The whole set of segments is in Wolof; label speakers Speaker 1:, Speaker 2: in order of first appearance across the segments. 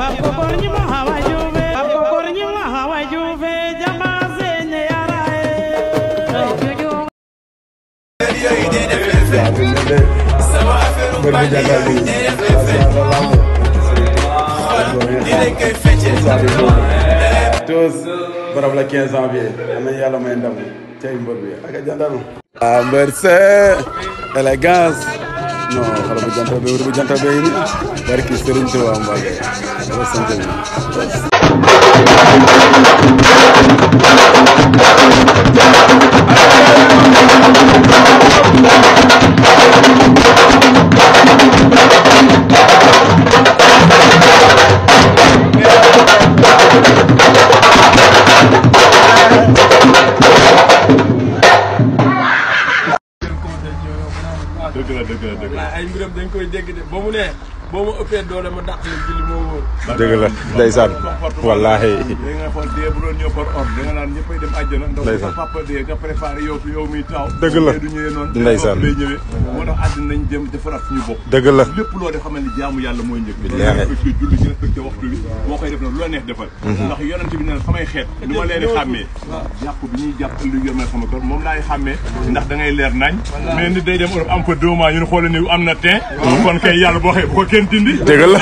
Speaker 1: Bappo Gorgni mo hawa Juve Bappo Gorgni mo hawa Juve jamaa seen yara e tous borom la 15 janvier ana yàlla may ndam cey mbër bi ak a jandaru ah mbër c'est élégance non xale bu jantal bee wut bu jantal bee ni barki Sëriñ Tuubaa Mbàkke
Speaker 2: dëgg la dëgg la dëgg la ay mbiram dañ koy dégg de ba mu ne boo ma ëppee doole la julli
Speaker 1: moo wóor. dëgg la ndeysaan wallaahi. da nga
Speaker 2: dëgg la du ñëwee noonu. ndeysaan lay moo tax àddina nañ dem defaraat suñu bopp. dëgg la lépp loo de xamal ni jaamu yàlla mooy njëkk. bi mhm. ndax yonent leer nañ mais nit day dem Europe am fa deux mois ñu xool ni am na teen mhm. kon kay yàlla boo xee leen dindi. dëgg la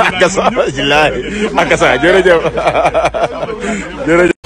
Speaker 2: akasa jërëjëf akasa jërëjëf jërëjëf.